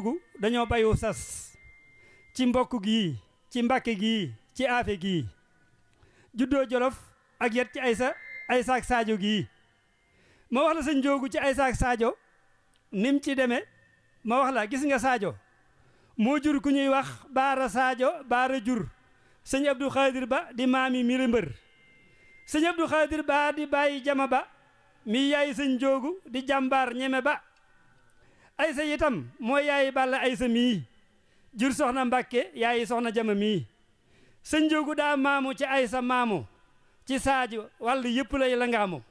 googu dañoo bayu sas ci mbokk gii ci mbàkke gii ci aafe gii juddoo jolof ak yet ci ay sa saajo gii ma wax la sa ci ay saak saajo nim ci demee ma la gis nga saajo moo jur ñuy wax saajo baara jur sëñ Abdou Khadir di maami miri di bàyyi jama ba mi yaay sëñ njoogu di jàmbaar ñeme ba aysa itam mooy yaayi balla aysa mii jur soxna mbàkke yaayi soxna jama mii sëñ njóogu daa maamu ci aysa maamu ci saajo wàll yëpp lay la ngaamu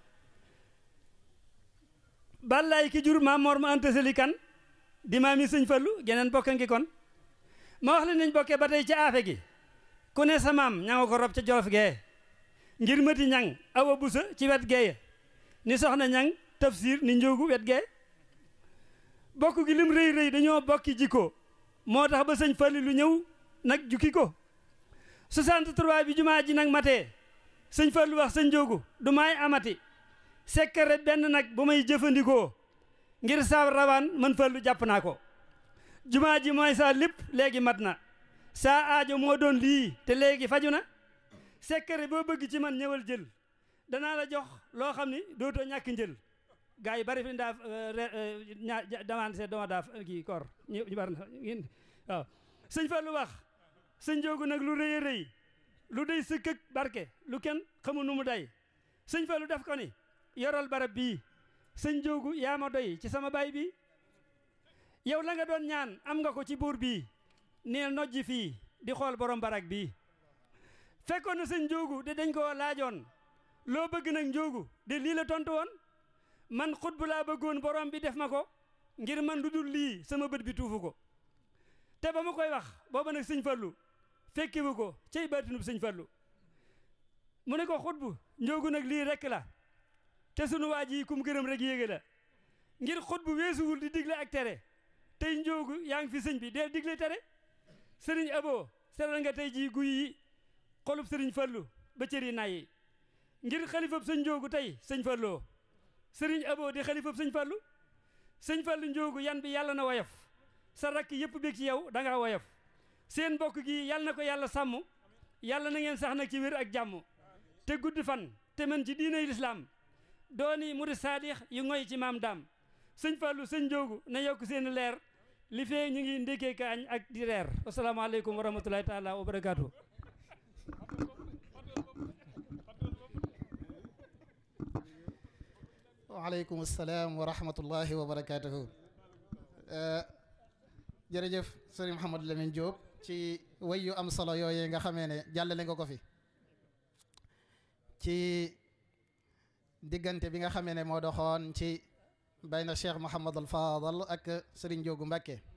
ballaay ki jur maam Mor ma Anta Sali kan di maam fallu geneen bokk ngi kon ma wax leen nañ bokkee ba tey ci aafe gi ku ne sa maam ña nga ko rob ca jolof gee ngir mati ñang awa busa ci wet geeye ni soxna ñang tafsir ni njóogu wet gee bokk gi lim rëy rëy dañoo bokki jikko moo tax ba sëñ Falilu ñëw nag jukki ko 63 bi jumaa ji nag matee sëñ Falilu wax sëñ Njoogu du maay amati sekkare benn nag bu may jëfandikoo ngir saa rawaan man Falilu jàpp naa ko jumaa ji mooy saa lépp léegi mat na saa aajo moo doon lii te léegi faju na sekkare boo bëgg ci man ñëwal jël danaa la jox loo xam ni dootoo ñàkk njël gaa yi bari fi daa euh, euh, ñaa demande seet doma daaf kii koor ñu bari na wax sëñ Joogu nag lu rëy rëy lu day sëkk ak barke lu kenn xamu nu mu day sëñ Fallu def ko ni yoral barab bii sëñ Joogu yaa ma doy ci sama baay bi yow la nga doon ñaan am nga ko ci buur bii neel nojji fii di xool borom barak bii fekkoon na sëñ Joogu de dañ koo laajoon loo bëgg nag Joogu de lii la tontu woon man xutbu laa bëggoon borom bi def ma ko ngir man lu dul lii sama bët bi tuufu ko te ba ma koy wax booba nag sëñ fallu fekki ko cey baatinub sëñ fallu mu ne ko xutbu njoogu nag lii rek la te sunu waa ji kum gërëm rek yéege la ngir xutbu weesuwul di digle ak tere tey njoogu yaa ngi fi sëñ bi deel digle tere sëriñ aboo seral nga tey jii guy yi xolub sëriñ fallu ba cër yi nayi ngir xalifab sëñ njoogu tey sëñ falloo sëriñ Abo di xalifab sëñ Fallou sëñ fallu njoogu yan bi yàlla na woyof sa rakk yëpp bég ci yow da ngaa woyof seen mbokk gi yàlla na ko yàlla sàmm yàlla na ngeen sax nag ci wér ak jàmm te gudd fan te mën ci diinay lislaam dooni murid saadix yu ngoy ci maam daam sëñ Fallou sëñ njoogu na yokk seen leer li fee ñu ngi ndékkee kaañ ak di reer asalaamaaleykum wa rahmatulahi taala wa barakaatu waaleykum salaam wa rahmatullahi wa barakaatuhu eh, jërëjëf sëriñ Mouhamadou Lamine Diop ci way yu am solo yooyee nga xamee ne jàllale nga ko fi ci diggante bi nga xamee ne moo doxoon ci bayna Cheikh Mouhamadou Fadal ak sëriñ Diogu Mbacke